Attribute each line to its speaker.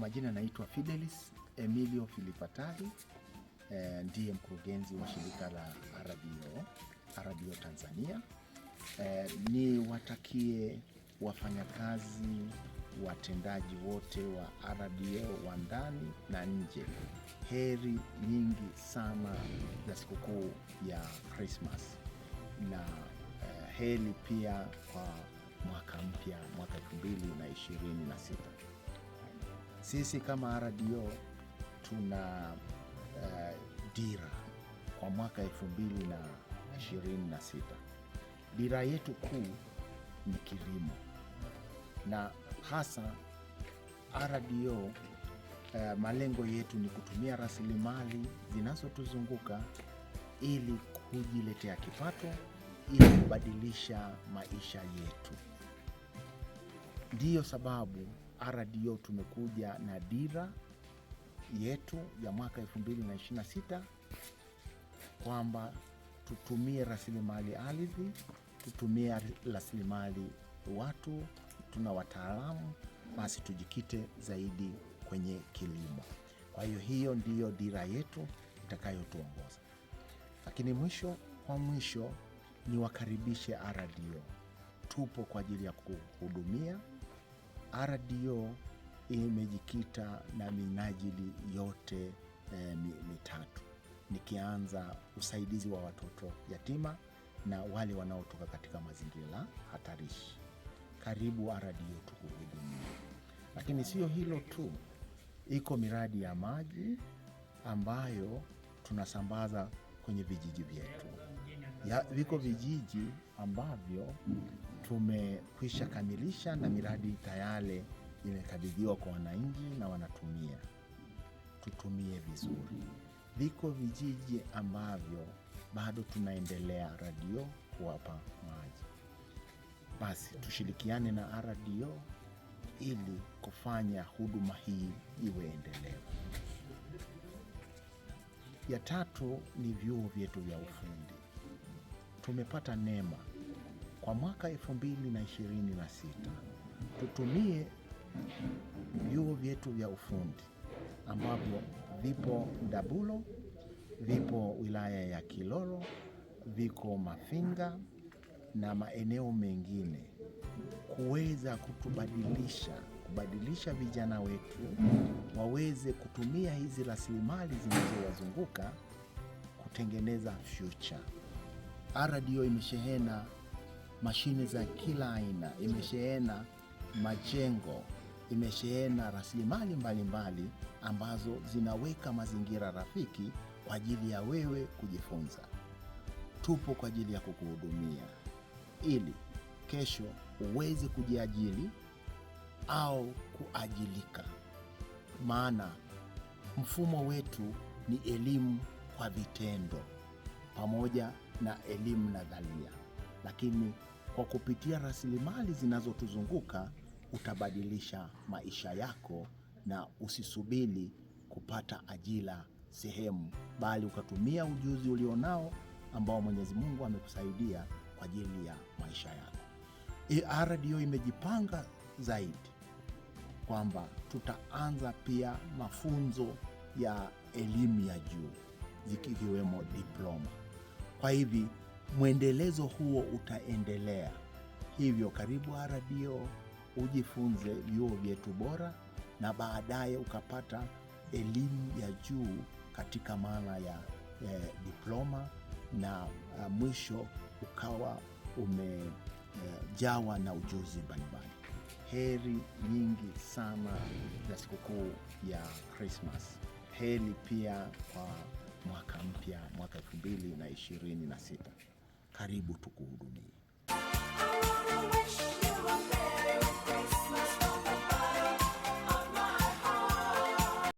Speaker 1: majina naitwa Fidelis Emilio Filipatari e, eh, ndiye mkurugenzi wa shirika la RBO, RBO Tanzania. Eh, ni watakie wafanyakazi watendaji wote wa RBO wa ndani na nje heri nyingi sana za sikukuu ya Christmas na eh, heri pia kwa mwaka mpya mwaka 2026. Sisi kama RDO tuna uh, dira kwa mwaka 2026. Dira yetu kuu ni kilimo na hasa RDO uh, eh, malengo yetu ni kutumia rasilimali zinazotuzunguka ili kujiletea kipato ili kubadilisha maisha yetu. Ndiyo sababu RDO tumekuja na dira yetu ya mwaka 2026 kwamba tutumie rasilimali ardhi, tutumie rasilimali watu, tuna wataalamu, basi tujikite zaidi kwenye kilimo. Kwa hiyo hiyo ndiyo dira yetu itakayotuongoza. Lakini mwisho kwa mwisho, niwakaribishe RDO, tupo kwa ajili ya kuhudumia RDO imejikita na minajili yote e, mitatu, nikianza usaidizi wa watoto yatima na wale wanaotoka katika mazingira hatarishi. Karibu RDO tukuhudumia. Lakini siyo hilo tu, iko miradi ya maji ambayo tunasambaza kwenye vijiji vyetu viko vijiji ambavyo tumekwisha kamilisha na miradi tayari imekabidhiwa kwa wananchi na wanatumia. Tutumie vizuri. Viko vijiji ambavyo bado tunaendelea radio kuwapa maji, basi tushirikiane na RDO ili kufanya huduma hii iwe endelevu. Ya tatu ni vyuo vyetu vya ufundi. Tumepata neema kwa mwaka 2026 tutumie vyuo vyetu vya ufundi ambavyo vipo Ndabulo, vipo wilaya ya Kilolo, viko Mafinga na maeneo mengine, kuweza kutubadilisha, kubadilisha vijana wetu waweze kutumia hizi rasilimali zinazowazunguka kutengeneza future. RDO imeshehena mashine za kila aina, imeshehena majengo, imeshehena rasilimali mbalimbali ambazo zinaweka mazingira rafiki kwa ajili ya wewe kujifunza. Tupo kwa ajili ya kukuhudumia ili kesho uweze kujiajili au kuajilika, maana mfumo wetu ni elimu kwa vitendo pamoja na elimu nadharia lakini kwa kupitia rasilimali zinazotuzunguka utabadilisha maisha yako na usisubiri kupata ajira sehemu, bali ukatumia ujuzi ulionao ambao Mwenyezi Mungu amekusaidia kwa ajili ya maisha yako. AR imejipanga zaidi kwamba tutaanza pia mafunzo ya elimu ya juu zikiwemo diploma. Kwa hivi mwendelezo huo utaendelea. Hivyo karibu aradio ujifunze vyuo vyetu bora na baadaye ukapata elimu ya juu katika maana ya eh, diploma na uh, mwisho ukawa umejawa eh, na ujuzi mbalimbali. Heri nyingi sana za sikukuu ya Krismas. Heri pia kwa mwaka mpya, mwaka 226 karibu tukuhudumie.